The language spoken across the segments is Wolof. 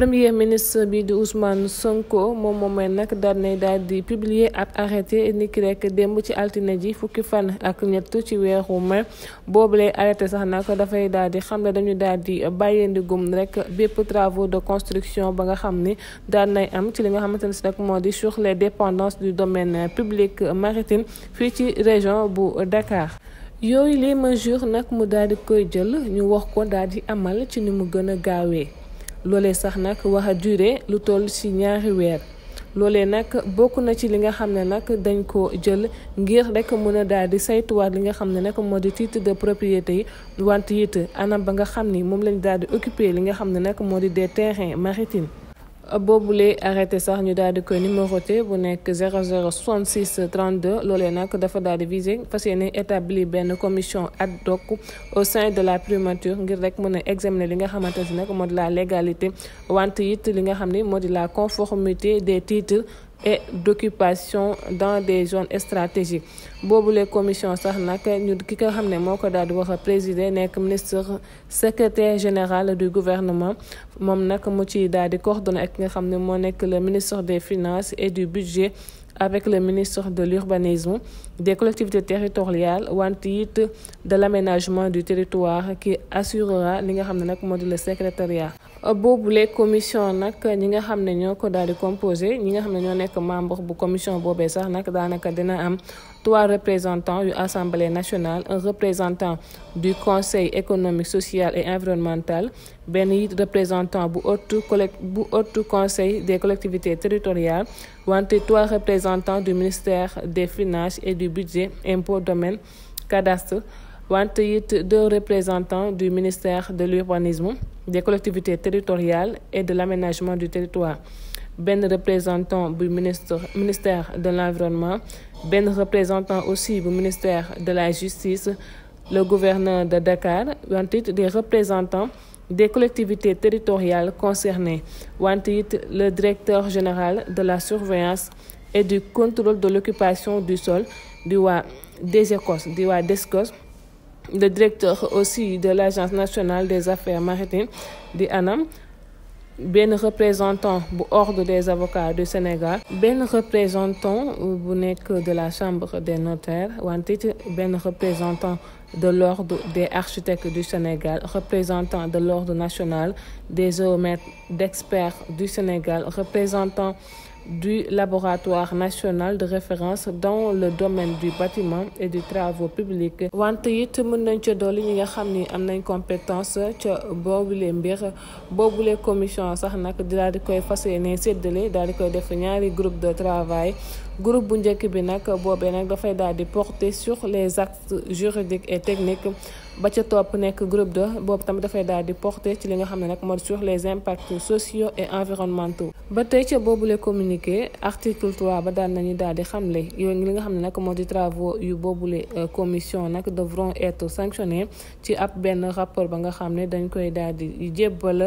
premier ministre bi di Ousmane Sonko moom moomee nag daal nay daal di publier ab arrêté niki rekk démb ci altine ji fukki fan ak ñett ci weeru mai boobulee arrêté sax nag dafay daal di xam ne dañu daal di bàyyeendigum rek bépp travaux de construction ba nga xam ni daal nay am ci li nga xamante ne si nag moo di sur les dépendances du domaine public maritime fii ci région bu Dakar yooyu les mesures nag mu daal di koy jël ñu wax ko daal di amal ci ni mu gën a gaawee loolee sax nag wax a duré lu toll ci ñaari weer loolee nag bokk na ci li nga xam ne nag dañ ko jël ngir rek mën a daal saytuwaat li nga xam ne nag moo di tiit de propriété yi wante it anam ba nga xam ni moom lañ daal di occupé li nga xam ne nag moo di dee terrains maritime boobule arrêté sax ñu daal di koy numéroté bu nekk 0066 32 loolee nag dafa daal di visé fas yéene établi benn commission ad hoc au sein de la primature ngir rek mën a examiner li nga xamante ne nag moo di la légalité want it li nga xam ne moo di la conformité des titres. et d'occupation dans des zones stratégiques boobule commission sax nag ñu ki nga xam ne moo ko daal di wax a présider nekk ministre secretaire général du gouvernement moom nag mu ci daal di coordonné ak ki nga xam ne moo nekk le ministre des finances et du budget avec le ministre de l'urbanisme des collectivités territoriales wante it de l'aménagement du territoire qui assurera li nga xam ne nag moo di le secrétariat boobule commission nag ñi nga xam ne ñoo ko daal di composé ñi nga xam ne ñoo nekk membre bu commission boobee sax nag daanaka dina am trois représentants yu assemblée nationale un représentant du conseil économique social et environnemental benn it représentant bu haute collect bu haute conseil de collectivités territoriales de du ministère des Finances et du Budget, impôts domaine, cadastre, wante it deux représentants du ministère de l'urbanisme, des collectivités territoriales et de l'aménagement du territoire. benn représentant bu ministre ministère de l'environnement benn représentant aussi bu ministère de la justice le gouverneur de Dakar wante it des représentants des collectivités territoriales concernées wante it le directeur général de la surveillance et du contrôle de l'occupation du sol di waa DGCOS di waa DESCOS le directeur aussi de l'agence nationale des affaires maritimes di ANAM benn représentant bu ordre des avocats du Sénégal benn représentant bu nekk de la chambre des notaires wante benn représentant de l'ordre des architectes du Sénégal représentant de l'ordre national des géomètres d'experts du Sénégal représentant du laboratoire national de référence dans le domaine du bâtiment et des travaux publics wante it mën nañ ca dolli ñi nga xam ni am nañ compétence ca boobule mbir boobule commission sax nag daal di koy fas yéene séddale daal di koy def ñaari groupe de travail groupe bu njëkk bi nag boobe nag dafay daal di porter sur les actes juridiques et techniques ba ca topp nekk groupe de boobu tamit dafay daal di porter ci li nga xam ne nag moo di sur les impacts sociaux et environnementaux ba tey ca boobu boobule communiqué article 3 ba daal nañu daal di xamle yooyu li nga xam ne nag moo di travaux yu boobule euh, commission nag devront être sanctionnés ci ab benn rapport ba nga xam ne dañ koy daal di jébbal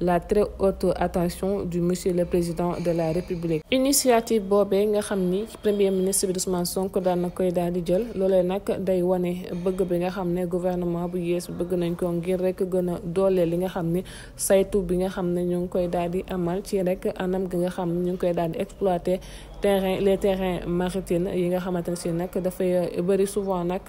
la très haute attention du monsieur le président de la république. initiative boobe nga xam ni premier ministre bi Ousmane Sonko daan na koy daal di jël loole nag day wane bëgg bi nga xam ne gouvernement bu yees bëgg nañ ko ngir rek gën a doole li nga xam ni saytu bi nga xam ne ñu ngi koy daal di amal ci rek anam gi nga xam ne ñu ngi koy daal di exploiter terrain les terrains maritimes yi nga xamante ne si nag dafay bëri souvent nag.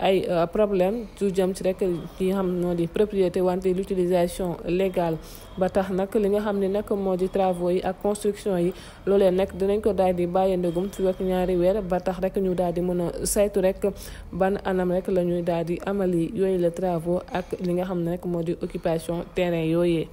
ay euh, problème su jëm ci rek yi xam noo di propriété wante l'utilisation légal ba tax nag li nga xam ne nag moo di travaux yi ak construction yi loolee nag dinañ ko daal di bàyyi ndegum ci ak ñaari weer ba tax rek ñu daal di mën a saytu rek ban anam rek la ñuy daal di amali yooyu la travaux ak li nga xam ne rek moo di occupation terrain yooyee